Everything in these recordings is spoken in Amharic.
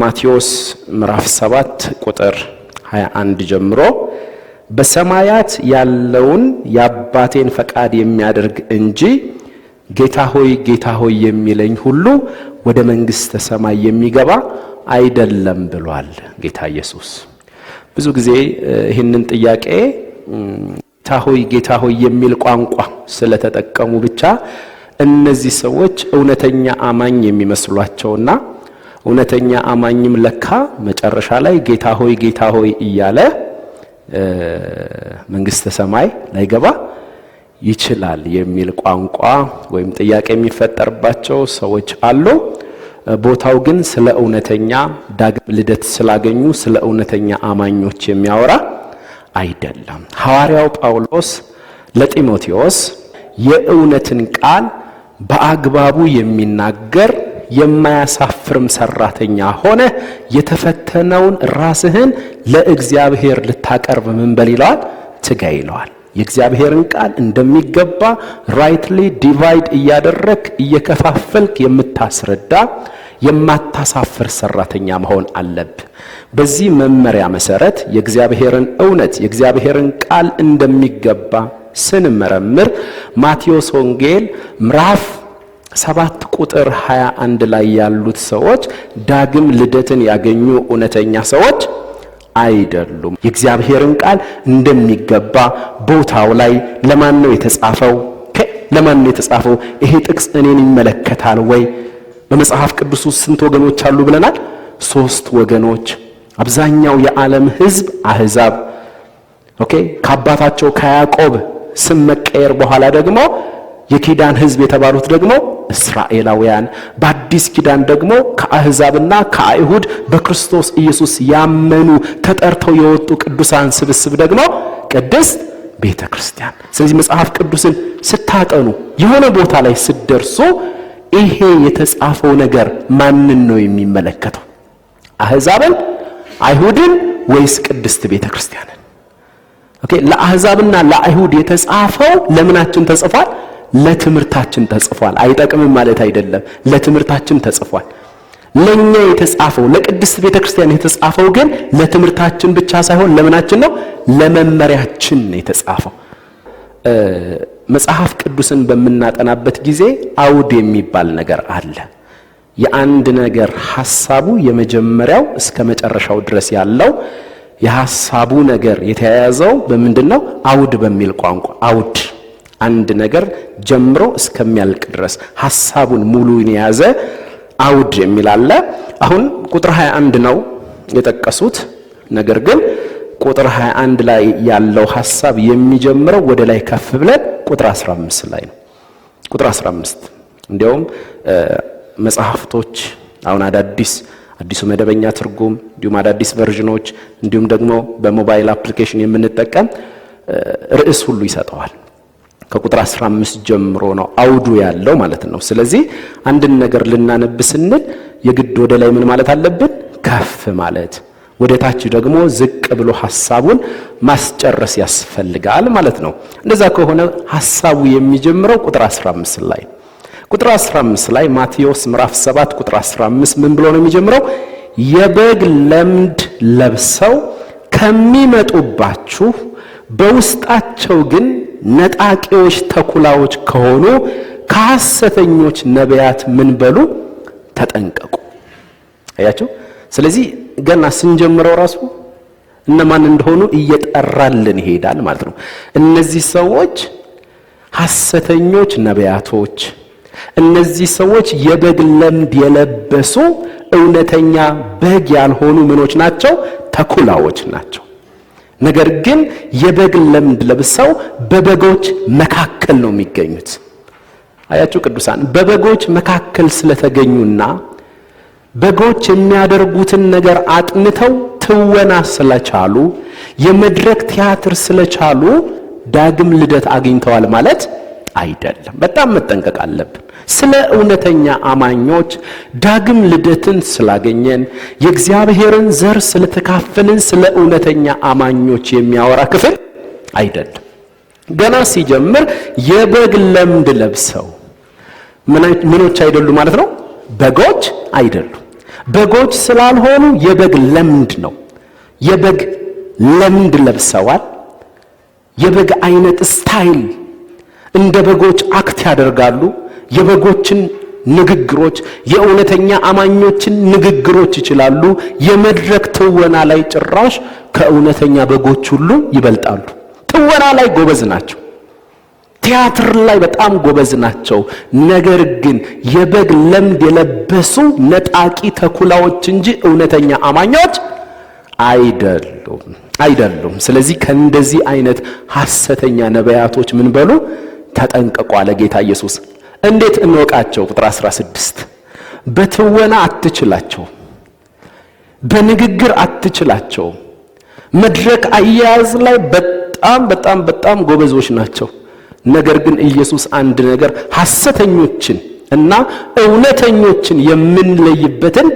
ማቴዎስ ምዕራፍ 7 ቁጥር 21 ጀምሮ በሰማያት ያለውን የአባቴን ፈቃድ የሚያደርግ እንጂ ጌታ ሆይ ጌታ ሆይ የሚለኝ ሁሉ ወደ መንግሥተ ሰማይ የሚገባ አይደለም ብሏል ጌታ ኢየሱስ። ብዙ ጊዜ ይህንን ጥያቄ ጌታ ሆይ ጌታ ሆይ የሚል ቋንቋ ስለተጠቀሙ ብቻ እነዚህ ሰዎች እውነተኛ አማኝ የሚመስሏቸውና እውነተኛ አማኝም ለካ መጨረሻ ላይ ጌታ ሆይ ጌታ ሆይ እያለ መንግስተ ሰማይ ላይገባ ይችላል የሚል ቋንቋ ወይም ጥያቄ የሚፈጠርባቸው ሰዎች አሉ። ቦታው ግን ስለ እውነተኛ ዳግም ልደት ስላገኙ ስለ እውነተኛ አማኞች የሚያወራ አይደለም። ሐዋርያው ጳውሎስ ለጢሞቴዎስ የእውነትን ቃል በአግባቡ የሚናገር የማያሳፍርም ሰራተኛ ሆነ የተፈተነውን ራስህን ለእግዚአብሔር ልታቀርብ ምን በል ይለዋል? ትጋ ይለዋል። የእግዚአብሔርን ቃል እንደሚገባ ራይትሊ ዲቫይድ እያደረግ እየከፋፈልክ የምታስረዳ የማታሳፍር ሰራተኛ መሆን አለብ። በዚህ መመሪያ መሰረት የእግዚአብሔርን እውነት የእግዚአብሔርን ቃል እንደሚገባ ስንመረምር ማቴዎስ ወንጌል ምዕራፍ ሰባት ቁጥር 21 ላይ ያሉት ሰዎች ዳግም ልደትን ያገኙ እውነተኛ ሰዎች አይደሉም። የእግዚአብሔርን ቃል እንደሚገባ ቦታው ላይ ለማን ነው የተጻፈው? ለማን ነው የተጻፈው? ይሄ ጥቅስ እኔን ይመለከታል ወይ? በመጽሐፍ ቅዱስ ውስጥ ስንት ወገኖች አሉ ብለናል? ሶስት ወገኖች። አብዛኛው የዓለም ሕዝብ አህዛብ። ኦኬ ከአባታቸው ከያዕቆብ ስም መቀየር በኋላ ደግሞ የኪዳን ህዝብ የተባሉት ደግሞ እስራኤላውያን በአዲስ ኪዳን ደግሞ ከአህዛብና ከአይሁድ በክርስቶስ ኢየሱስ ያመኑ ተጠርተው የወጡ ቅዱሳን ስብስብ ደግሞ ቅድስት ቤተ ክርስቲያን። ስለዚህ መጽሐፍ ቅዱስን ስታጠኑ የሆነ ቦታ ላይ ስትደርሱ ይሄ የተጻፈው ነገር ማንን ነው የሚመለከተው? አህዛብን አይሁድን ወይስ ቅድስት ቤተ ክርስቲያንን? ኦኬ ለአይሁድ የተጻፈው ለምናችን ተጽፏል? ለትምህርታችን ተጽፏል። አይጠቅምም ማለት አይደለም። ለትምህርታችን ተጽፏል። ለኛ የተጻፈው ለቅድስት ቤተክርስቲያን የተጻፈው ግን ለትምህርታችን ብቻ ሳይሆን ለምናችን ነው፣ ለመመሪያችን ነው የተጻፈው። መጽሐፍ ቅዱስን በምናጠናበት ጊዜ አውድ የሚባል ነገር አለ። የአንድ ነገር ሐሳቡ የመጀመሪያው እስከ መጨረሻው ድረስ ያለው የሐሳቡ ነገር የተያያዘው በምንድን ነው? አውድ በሚል ቋንቋ አውድ አንድ ነገር ጀምሮ እስከሚያልቅ ድረስ ሐሳቡን ሙሉን የያዘ አውድ የሚል አለ። አሁን ቁጥር 21 ነው የጠቀሱት። ነገር ግን ቁጥር 21 ላይ ያለው ሐሳብ የሚጀምረው ወደ ላይ ከፍ ብለን ቁጥር 15 ላይ ነው። ቁጥር 15 እንዲያውም መጽሐፍቶች አሁን አዳዲስ አዲሱ መደበኛ ትርጉም እንዲሁም አዳዲስ ቨርዥኖች እንዲሁም ደግሞ በሞባይል አፕሊኬሽን የምንጠቀም ርዕስ ሁሉ ይሰጠዋል። ከቁጥር 15 ጀምሮ ነው አውዱ ያለው ማለት ነው። ስለዚህ አንድን ነገር ልናነብ ስንል የግድ ወደ ላይ ምን ማለት አለብን? ከፍ ማለት፣ ወደ ታች ደግሞ ዝቅ ብሎ ሐሳቡን ማስጨረስ ያስፈልጋል ማለት ነው። እንደዛ ከሆነ ሐሳቡ የሚጀምረው ቁጥር 15 ላይ ቁጥር 15 ላይ ማቴዎስ ምዕራፍ 7 ቁጥር 15 ምን ብሎ ነው የሚጀምረው? የበግ ለምድ ለብሰው ከሚመጡባችሁ በውስጣቸው ግን ነጣቂዎች ተኩላዎች ከሆኑ ከሐሰተኞች ነቢያት ምን በሉ ተጠንቀቁ። አያቸው። ስለዚህ ገና ስንጀምረው ራሱ እነማን እንደሆኑ እየጠራልን ይሄዳል ማለት ነው። እነዚህ ሰዎች ሐሰተኞች ነቢያቶች፣ እነዚህ ሰዎች የበግ ለምድ የለበሱ እውነተኛ በግ ያልሆኑ ምኖች ናቸው፣ ተኩላዎች ናቸው። ነገር ግን የበግ ለምድ ለብሰው በበጎች መካከል ነው የሚገኙት። አያችሁ ቅዱሳን በበጎች መካከል ስለተገኙና በጎች የሚያደርጉትን ነገር አጥንተው ትወና ስለቻሉ የመድረክ ቲያትር ስለቻሉ ዳግም ልደት አግኝተዋል ማለት አይደለም። በጣም መጠንቀቅ አለብን። ስለ እውነተኛ አማኞች ዳግም ልደትን ስላገኘን የእግዚአብሔርን ዘር ስለተካፈልን ስለ እውነተኛ አማኞች የሚያወራ ክፍል አይደለም። ገና ሲጀምር የበግ ለምድ ለብሰው ምኖች አይደሉ ማለት ነው። በጎች አይደሉ። በጎች ስላልሆኑ የበግ ለምድ ነው። የበግ ለምድ ለብሰዋል። የበግ አይነት ስታይል እንደ በጎች አክት ያደርጋሉ። የበጎችን ንግግሮች የእውነተኛ አማኞችን ንግግሮች ይችላሉ። የመድረክ ትወና ላይ ጭራሽ ከእውነተኛ በጎች ሁሉ ይበልጣሉ። ትወና ላይ ጎበዝ ናቸው። ቲያትር ላይ በጣም ጎበዝ ናቸው። ነገር ግን የበግ ለምድ የለበሱ ነጣቂ ተኩላዎች እንጂ እውነተኛ አማኞች አይደሉም አይደሉም። ስለዚህ ከእንደዚህ አይነት ሐሰተኛ ነቢያቶች ምን በሉ ተጠንቀቁ አለ ጌታ ኢየሱስ። እንዴት እንወቃቸው? ቁጥር 16 በትወና አትችላቸው፣ በንግግር አትችላቸው። መድረክ አያያዝ ላይ በጣም በጣም በጣም ጎበዞች ናቸው። ነገር ግን ኢየሱስ አንድ ነገር ሐሰተኞችን እና እውነተኞችን የምንለይበትን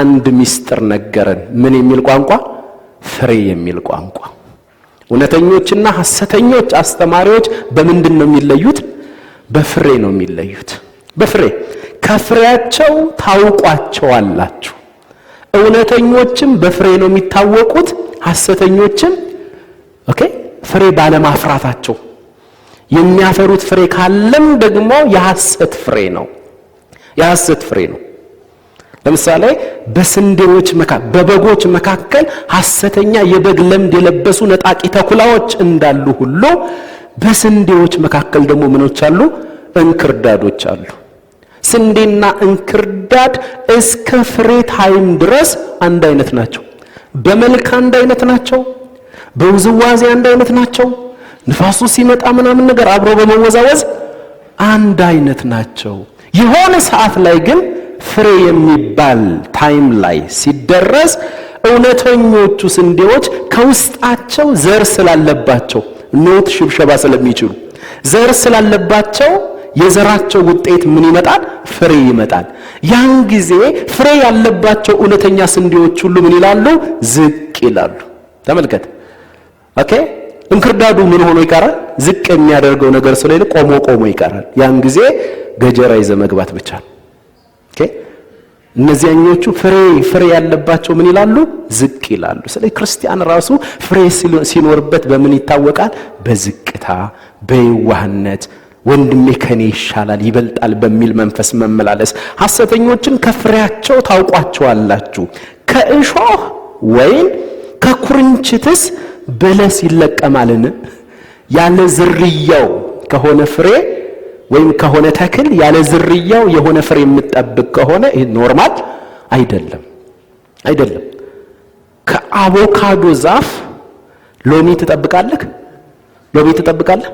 አንድ ሚስጥር ነገረን። ምን የሚል ቋንቋ? ፍሬ የሚል ቋንቋ። እውነተኞችና ሐሰተኞች አስተማሪዎች በምንድን ነው የሚለዩት? በፍሬ ነው የሚለዩት። በፍሬ ከፍሬያቸው ታውቋቸዋላችሁ። እውነተኞችም በፍሬ ነው የሚታወቁት፣ ሐሰተኞችም ኦኬ ፍሬ ባለማፍራታቸው። የሚያፈሩት ፍሬ ካለም ደግሞ የሐሰት ፍሬ ነው፣ የሐሰት ፍሬ ነው። ለምሳሌ በስንዴዎች መካከል በበጎች መካከል ሐሰተኛ የበግ ለምድ የለበሱ ነጣቂ ተኩላዎች እንዳሉ ሁሉ በስንዴዎች መካከል ደግሞ ምኖች አሉ? እንክርዳዶች አሉ። ስንዴና እንክርዳድ እስከ ፍሬ ታይም ድረስ አንድ አይነት ናቸው። በመልክ አንድ አይነት ናቸው። በውዝዋዜ አንድ አይነት ናቸው። ንፋሱ ሲመጣ ምናምን ነገር አብሮ በመወዛወዝ አንድ አይነት ናቸው። የሆነ ሰዓት ላይ ግን ፍሬ የሚባል ታይም ላይ ሲደረስ እውነተኞቹ ስንዴዎች ከውስጣቸው ዘር ስላለባቸው ኖት ሽብሸባ ስለሚችሉ ዘር ስላለባቸው የዘራቸው ውጤት ምን ይመጣል? ፍሬ ይመጣል። ያን ጊዜ ፍሬ ያለባቸው እውነተኛ ስንዴዎች ሁሉ ምን ይላሉ? ዝቅ ይላሉ። ተመልከት። ኦኬ እንክርዳዱ ምን ሆኖ ይቀራል? ዝቅ የሚያደርገው ነገር ስለሌለ ቆሞ ቆሞ ይቀራል። ያን ጊዜ ገጀራ ይዘ መግባት ብቻ ነው። ኦኬ እነዚያኞቹ ፍሬ ፍሬ ያለባቸው ምን ይላሉ? ዝቅ ይላሉ። ስለዚህ ክርስቲያን ራሱ ፍሬ ሲኖርበት በምን ይታወቃል? በዝቅታ በይዋህነት ወንድሜ ከኔ ይሻላል ይበልጣል በሚል መንፈስ መመላለስ። ሐሰተኞችን ከፍሬያቸው ታውቋቸዋላችሁ። ከእሾህ ወይን ከኩርንችትስ በለስ ይለቀማልን? ያለ ዝርያው ከሆነ ፍሬ ወይም ከሆነ ተክል ያለ ዝርያው የሆነ ፍሬ የምጠብቅ ከሆነ ይህ ኖርማል አይደለም አይደለም። ከአቮካዶ ዛፍ ሎሚ ትጠብቃለህ? ሎሚ ትጠብቃለህ?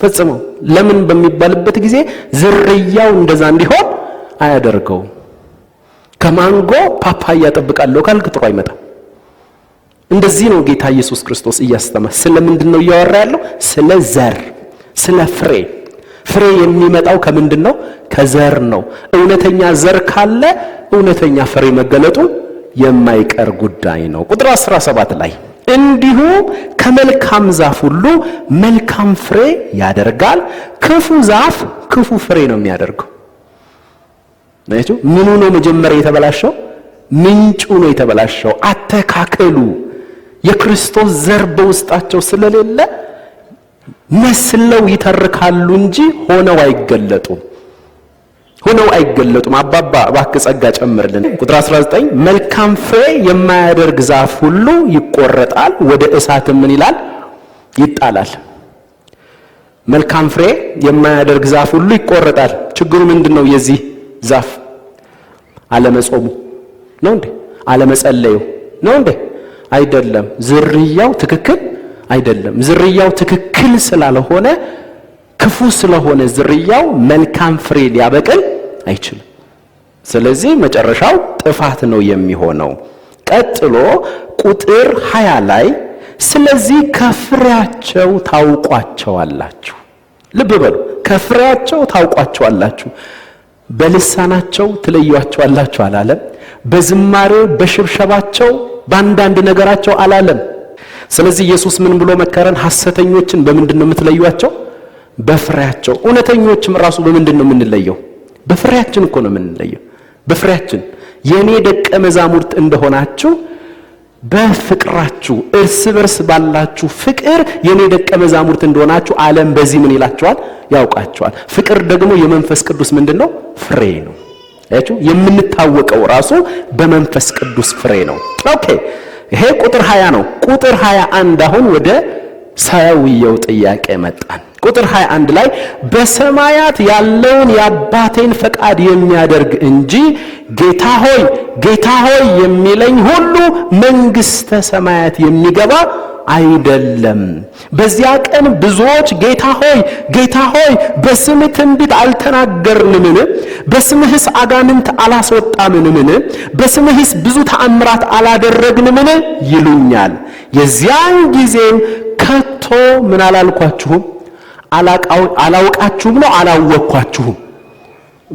ፈጽሞ። ለምን በሚባልበት ጊዜ ዝርያው እንደዛ እንዲሆን አያደርገውም። ከማንጎ ፓፓያ እጠብቃለሁ ካልክ ጥሩ አይመጣም። እንደዚህ ነው ጌታ ኢየሱስ ክርስቶስ እያስተማር። ስለምንድን ነው እያወራ ያለው? ስለ ዘር፣ ስለ ፍሬ። ፍሬ የሚመጣው ከምንድን ነው? ከዘር ነው። እውነተኛ ዘር ካለ እውነተኛ ፍሬ መገለጡ የማይቀር ጉዳይ ነው። ቁጥር 17 ላይ እንዲሁ ከመልካም ዛፍ ሁሉ መልካም ፍሬ ያደርጋል፣ ክፉ ዛፍ ክፉ ፍሬ ነው የሚያደርገው። ናችሁ? ምኑ ነው መጀመሪያ የተበላሸው? ምንጩ ነው የተበላሸው። አተካከሉ የክርስቶስ ዘር በውስጣቸው ስለሌለ መስለው ይተርካሉ እንጂ ሆነው አይገለጡም። ሆነው አይገለጡም። አባባ እባክህ ጸጋ ጨምርልን። ቁጥር 19 መልካም ፍሬ የማያደርግ ዛፍ ሁሉ ይቆረጣል፣ ወደ እሳት ምን ይላል? ይጣላል። መልካም ፍሬ የማያደርግ ዛፍ ሁሉ ይቆረጣል። ችግሩ ምንድን ነው? የዚህ ዛፍ አለመጾሙ ነው እንዴ? አለመጸለዩ ነው እንዴ? አይደለም። ዝርያው ትክክል አይደለም። ዝርያው ትክክል ስላልሆነ ክፉ ስለሆነ ዝርያው መልካም ፍሬ ሊያበቅል አይችልም። ስለዚህ መጨረሻው ጥፋት ነው የሚሆነው። ቀጥሎ ቁጥር ሃያ ላይ ስለዚህ ከፍሬያቸው ታውቋቸዋላችሁ። ልብ በሉ፣ ከፍሬያቸው ታውቋቸዋላችሁ። በልሳናቸው ትለዩዋቸዋላችሁ አላለም። በዝማሬ በሽብሸባቸው በአንዳንድ ነገራቸው አላለም። ስለዚህ ኢየሱስ ምን ብሎ መከረን? ሐሰተኞችን በምንድን ነው የምትለዩዋቸው? በፍሬያቸው እውነተኞችም ራሱ በምንድን ነው የምንለየው? በፍሬያችን እኮ ነው የምንለየው። በፍሬያችን የኔ ደቀ መዛሙርት እንደሆናችሁ በፍቅራችሁ እርስ በርስ ባላችሁ ፍቅር የኔ ደቀ መዛሙርት እንደሆናችሁ ዓለም በዚህ ምን ይላችኋል? ያውቃችኋል። ፍቅር ደግሞ የመንፈስ ቅዱስ ምንድን ነው? ፍሬ ነው። አያችሁ፣ የምንታወቀው ራሱ በመንፈስ ቅዱስ ፍሬ ነው። ኦኬ፣ ይሄ ቁጥር 20 ነው። ቁጥር 21 አሁን ወደ ሰውየው ጥያቄ መጣን። ቁጥር 21 ላይ በሰማያት ያለውን የአባቴን ፈቃድ የሚያደርግ እንጂ ጌታ ሆይ ጌታ ሆይ የሚለኝ ሁሉ መንግሥተ ሰማያት የሚገባ አይደለም። በዚያ ቀን ብዙዎች ጌታ ሆይ ጌታ ሆይ በስምህ ትንቢት አልተናገርንምን? በስምህስ አጋንንት አላስወጣንምን? በስምህስ ብዙ ተአምራት አላደረግንምን? ይሉኛል። የዚያን ጊዜም ከቶ ምን አላልኳችሁም አላውቃችሁም ነው አላወቅኳችሁም።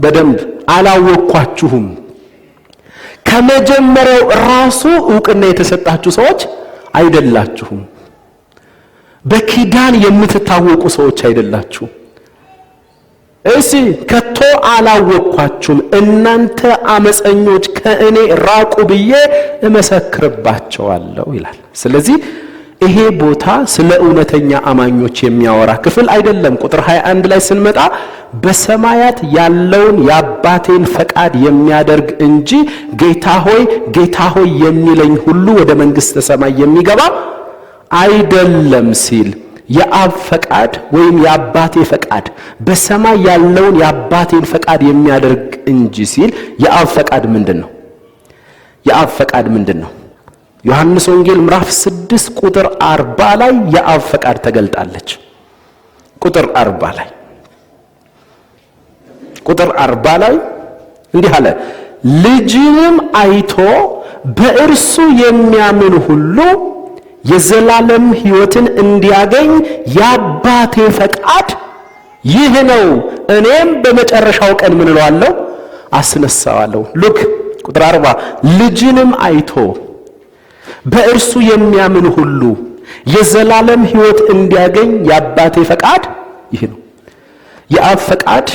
በደንብ አላወቅኳችሁም። ከመጀመሪያው ራሱ እውቅና የተሰጣችሁ ሰዎች አይደላችሁም። በኪዳን የምትታወቁ ሰዎች አይደላችሁም። እሺ ከቶ አላወቅኳችሁም፣ እናንተ አመፀኞች ከእኔ ራቁ ብዬ እመሰክርባቸዋለሁ ይላል። ስለዚህ ይሄ ቦታ ስለ እውነተኛ አማኞች የሚያወራ ክፍል አይደለም። ቁጥር 21 ላይ ስንመጣ በሰማያት ያለውን የአባቴን ፈቃድ የሚያደርግ እንጂ ጌታ ሆይ ጌታ ሆይ የሚለኝ ሁሉ ወደ መንግሥተ ሰማይ የሚገባ አይደለም ሲል የአብ ፈቃድ ወይም የአባቴ ፈቃድ በሰማይ ያለውን የአባቴን ፈቃድ የሚያደርግ እንጂ ሲል የአብ ፈቃድ ምንድን ነው? የአብ ፈቃድ ምንድን ነው? ዮሐንስ ወንጌል ምዕራፍ 6 ቁጥር 40 ላይ የአብ ፈቃድ ተገልጣለች። ቁጥር 40 ላይ ቁጥር 40 ላይ እንዲህ አለ፣ ልጅንም አይቶ በእርሱ የሚያምን ሁሉ የዘላለም ሕይወትን እንዲያገኝ የአባቴ ፈቃድ ይህ ነው፣ እኔም በመጨረሻው ቀን ምን እለዋለሁ? አስነሳዋለሁ። ሉክ ቁጥር 40 ልጅንም አይቶ በእርሱ የሚያምን ሁሉ የዘላለም ሕይወት እንዲያገኝ የአባቴ ፈቃድ ይህ ነው። የአብ ፈቃድ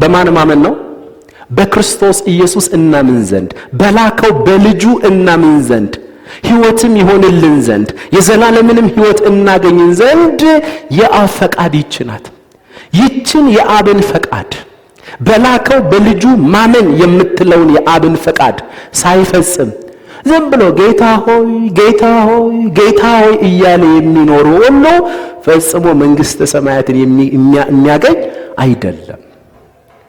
በማን ማመን ነው? በክርስቶስ ኢየሱስ እናምን ዘንድ በላከው በልጁ እናምን ዘንድ ሕይወትም ይሆንልን ዘንድ የዘላለምንም ሕይወት እናገኝን ዘንድ የአብ ፈቃድ ይች ናት። ይችን የአብን ፈቃድ በላከው በልጁ ማመን የምትለውን የአብን ፈቃድ ሳይፈጽም ዝም ብሎ ጌታ ሆይ ጌታ ሆይ ጌታ ሆይ እያለ የሚኖሩ ሁሉ ፈጽሞ መንግሥተ ሰማያትን የሚያገኝ አይደለም።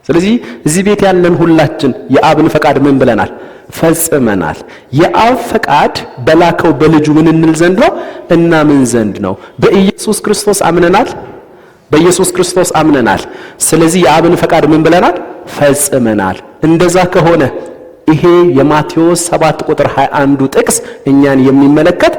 ስለዚህ እዚህ ቤት ያለን ሁላችን የአብን ፈቃድ ምን ብለናል? ፈጽመናል። የአብ ፈቃድ በላከው በልጁ ምን እንል ዘንድ ነው? እናምን ዘንድ ነው። በኢየሱስ ክርስቶስ አምነናል። በኢየሱስ ክርስቶስ አምነናል። ስለዚህ የአብን ፈቃድ ምን ብለናል? ፈጽመናል። እንደዛ ከሆነ ይሄ የማቴዎስ 7 ቁጥር 21 ጥቅስ እኛን የሚመለከት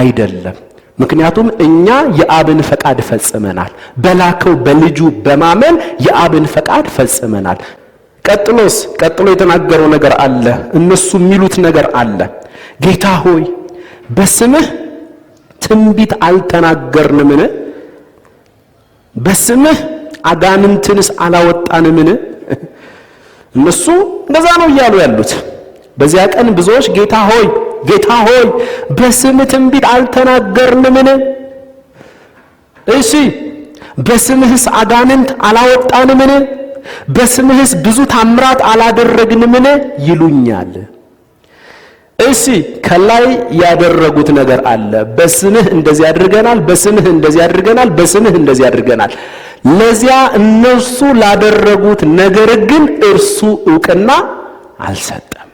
አይደለም። ምክንያቱም እኛ የአብን ፈቃድ ፈጽመናል። በላከው በልጁ በማመን የአብን ፈቃድ ፈጽመናል። ቀጥሎስ ቀጥሎ የተናገረው ነገር አለ። እነሱ የሚሉት ነገር አለ። ጌታ ሆይ በስምህ ትንቢት አልተናገርንምን? በስምህ አጋንንትንስ አላወጣንምን? እነሱ እንደዛ ነው እያሉ ያሉት። በዚያ ቀን ብዙዎች ጌታ ሆይ ጌታ ሆይ በስም ትንቢት አልተናገርንምን? እሺ በስምህስ አጋንንት አላወጣንምን? በስምህስ ብዙ ታምራት አላደረግንምን? ይሉኛል። እሺ ከላይ ያደረጉት ነገር አለ። በስምህ እንደዚህ አድርገናል፣ በስምህ እንደዚህ አድርገናል፣ በስምህ እንደዚህ አድርገናል። ለዚያ እነርሱ ላደረጉት ነገር ግን እርሱ ዕውቅና አልሰጠም።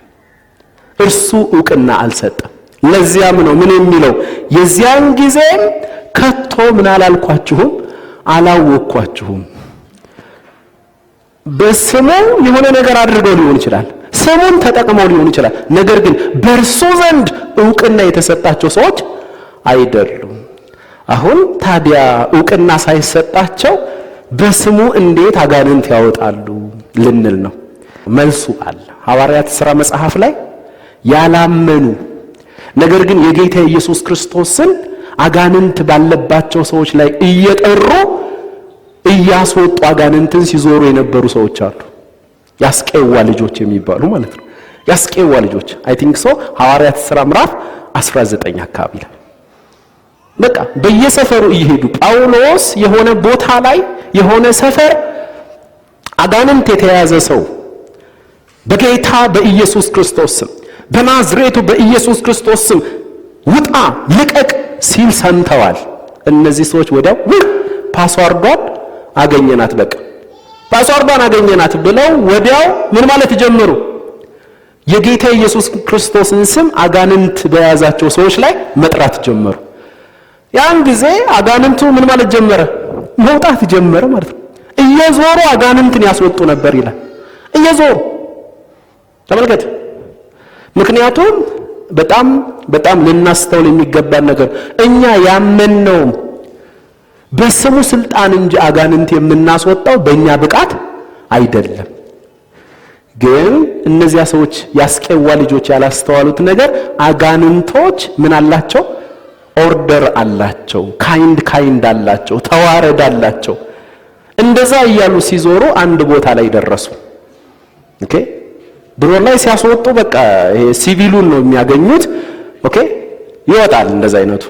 እርሱ ዕውቅና አልሰጠም። ለዚያም ነው ምን የሚለው የዚያን ጊዜም ከቶ ምን አላልኳችሁም አላወቅኳችሁም። በስሙ የሆነ ነገር አድርገው ሊሆን ይችላል፣ ስሙን ተጠቅመው ሊሆን ይችላል። ነገር ግን በእርሱ ዘንድ እውቅና የተሰጣቸው ሰዎች አይደሉም። አሁን ታዲያ እውቅና ሳይሰጣቸው በስሙ እንዴት አጋንንት ያወጣሉ ልንል ነው። መልሱ አለ። ሐዋርያት ሥራ መጽሐፍ ላይ ያላመኑ ነገር ግን የጌታ ኢየሱስ ክርስቶስን አጋንንት ባለባቸው ሰዎች ላይ እየጠሩ እያስወጡ አጋንንትን ሲዞሩ የነበሩ ሰዎች አሉ። ያስቄዋ ልጆች የሚባሉ ማለት ነው። ያስቄዋ ልጆች አይ ቲንክ ሶ ሐዋርያት ሥራ ምዕራፍ 19 አካባቢ ላይ በቃ በየሰፈሩ እየሄዱ ጳውሎስ የሆነ ቦታ ላይ የሆነ ሰፈር አጋንንት የተያዘ ሰው በጌታ በኢየሱስ ክርስቶስ ስም በናዝሬቱ በኢየሱስ ክርስቶስ ስም ውጣ ልቀቅ ሲል ሰምተዋል። እነዚህ ሰዎች ወዲያው ውህ ፓስዋርዷን አገኘናት፣ በቃ ፓስዋርዷን አገኘናት ብለው ወዲያው ምን ማለት ጀመሩ? የጌታ ኢየሱስ ክርስቶስን ስም አጋንንት በያዛቸው ሰዎች ላይ መጥራት ጀመሩ። ያን ጊዜ አጋንንቱ ምን ማለት ጀመረ? መውጣት ጀመረ ማለት ነው። እየዞሩ አጋንንትን ያስወጡ ነበር ይላል። እየዞሩ ተመልከት። ምክንያቱም በጣም በጣም ልናስተውል የሚገባን ነገር እኛ ያመንነው በስሙ ስልጣን እንጂ አጋንንት የምናስወጣው በእኛ ብቃት አይደለም። ግን እነዚያ ሰዎች ያስቄዋ ልጆች ያላስተዋሉት ነገር አጋንንቶች ምን አላቸው ኦርደር አላቸው፣ ካይንድ ካይንድ አላቸው፣ ተዋረድ አላቸው። እንደዛ እያሉ ሲዞሩ አንድ ቦታ ላይ ደረሱ። ኦኬ ድሮን ላይ ሲያስወጡ በቃ ይሄ ሲቪሉን ነው የሚያገኙት። ኦኬ ይወጣል። እንደዛ አይነቱ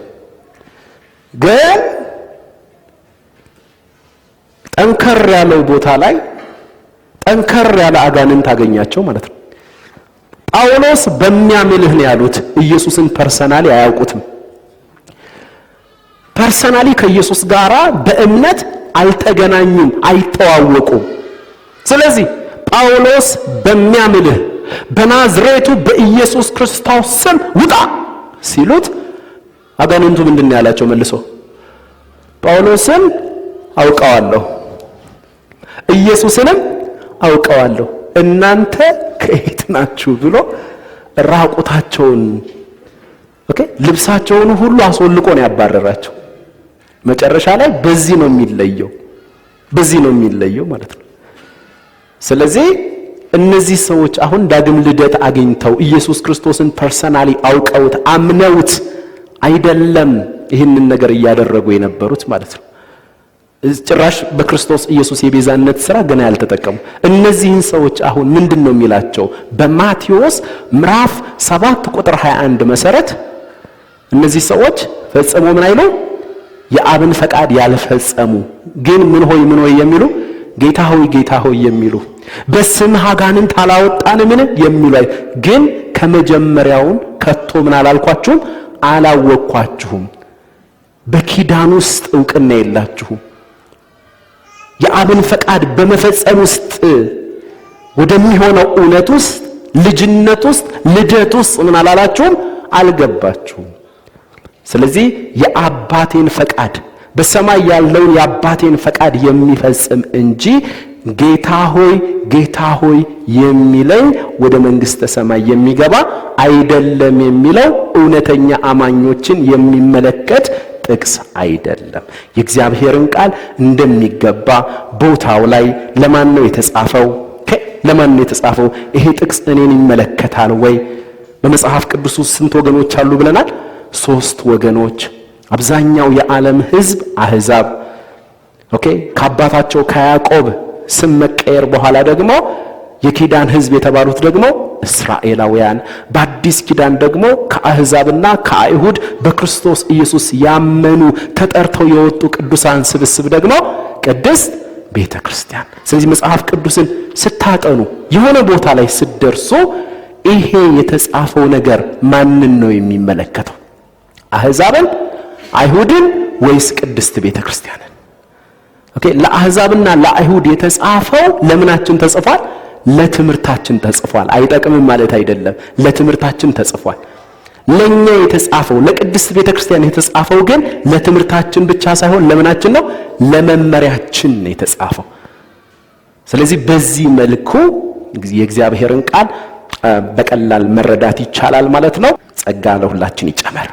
ግን ጠንከር ያለው ቦታ ላይ ጠንከር ያለ አጋንንት አገኛቸው ማለት ነው። ጳውሎስ በሚያምልህ ነው ያሉት። ኢየሱስን ፐርሰናሊ አያውቁትም። ፐርሰናሊ ከኢየሱስ ጋራ በእምነት አልተገናኙም፣ አይተዋወቁም። ስለዚህ ጳውሎስ በሚያምልህ በናዝሬቱ በኢየሱስ ክርስቶስ ስም ውጣ ሲሉት አጋንንቱ ምንድን ያላቸው? መልሶ ጳውሎስን አውቀዋለሁ፣ ኢየሱስንም አውቀዋለሁ፣ እናንተ ከየት ናችሁ ብሎ ራቁታቸውን ኦኬ ልብሳቸውን ሁሉ አስወልቆ ነው ያባረራቸው። መጨረሻ ላይ በዚህ ነው የሚለየው፣ በዚህ ነው የሚለየው ማለት ነው። ስለዚህ እነዚህ ሰዎች አሁን ዳግም ልደት አግኝተው ኢየሱስ ክርስቶስን ፐርሰናሊ አውቀውት አምነውት አይደለም ይህንን ነገር እያደረጉ የነበሩት ማለት ነው። ጭራሽ በክርስቶስ ኢየሱስ የቤዛነት ስራ ገና ያልተጠቀሙ እነዚህን ሰዎች አሁን ምንድን ነው የሚላቸው? በማቴዎስ ምዕራፍ 7 ቁጥር 21 መሰረት እነዚህ ሰዎች ፈጽሞ ምን አይሉ የአብን ፈቃድ ያልፈጸሙ ግን ምን ሆይ ምን ሆይ የሚሉ ጌታ ሆይ ጌታ ሆይ የሚሉ በስምህ አጋንንት አላወጣንምን የሚሉ ግን ከመጀመሪያውን ከቶ ምን አላልኳችሁም አላወቅኳችሁም። በኪዳን ውስጥ እውቅና የላችሁም። የአብን ፈቃድ በመፈጸም ውስጥ ወደሚሆነው እውነት ውስጥ ልጅነት ውስጥ ልደት ውስጥ ምን አላላችሁም አልገባችሁም። ስለዚህ የአባቴን ፈቃድ በሰማይ ያለውን የአባቴን ፈቃድ የሚፈጽም እንጂ ጌታ ሆይ ጌታ ሆይ የሚለኝ ወደ መንግሥተ ሰማይ የሚገባ አይደለም የሚለው እውነተኛ አማኞችን የሚመለከት ጥቅስ አይደለም። የእግዚአብሔርን ቃል እንደሚገባ ቦታው ላይ ለማን ነው የተጻፈው? ለማን ነው የተጻፈው? ይሄ ጥቅስ እኔን ይመለከታል ወይ? በመጽሐፍ ቅዱስ ውስጥ ስንት ወገኖች አሉ ብለናል? ሶስት ወገኖች አብዛኛው የዓለም ህዝብ አህዛብ ኦኬ ከአባታቸው ከያዕቆብ ስም መቀየር በኋላ ደግሞ የኪዳን ህዝብ የተባሉት ደግሞ እስራኤላውያን በአዲስ ኪዳን ደግሞ ከአህዛብና ከአይሁድ በክርስቶስ ኢየሱስ ያመኑ ተጠርተው የወጡ ቅዱሳን ስብስብ ደግሞ ቅድስት ቤተ ክርስቲያን። ስለዚህ መጽሐፍ ቅዱስን ስታጠኑ የሆነ ቦታ ላይ ስትደርሱ ይሄ የተጻፈው ነገር ማንን ነው የሚመለከተው? አህዛብን፣ አይሁድን ወይስ ቅድስት ቤተ ክርስቲያንን? ኦኬ ለአህዛብና ለአይሁድ የተጻፈው ለምናችን ተጽፏል? ለትምህርታችን ተጽፏል። አይጠቅምም ማለት አይደለም። ለትምህርታችን ተጽፏል። ለኛ የተጻፈው ለቅድስት ቤተ ክርስቲያን የተጻፈው ግን ለትምህርታችን ብቻ ሳይሆን ለምናችን ነው? ለመመሪያችን ነው የተጻፈው። ስለዚህ በዚህ መልኩ የእግዚአብሔርን ቃል በቀላል መረዳት ይቻላል ማለት ነው። ጸጋ ለሁላችን ይጨመር።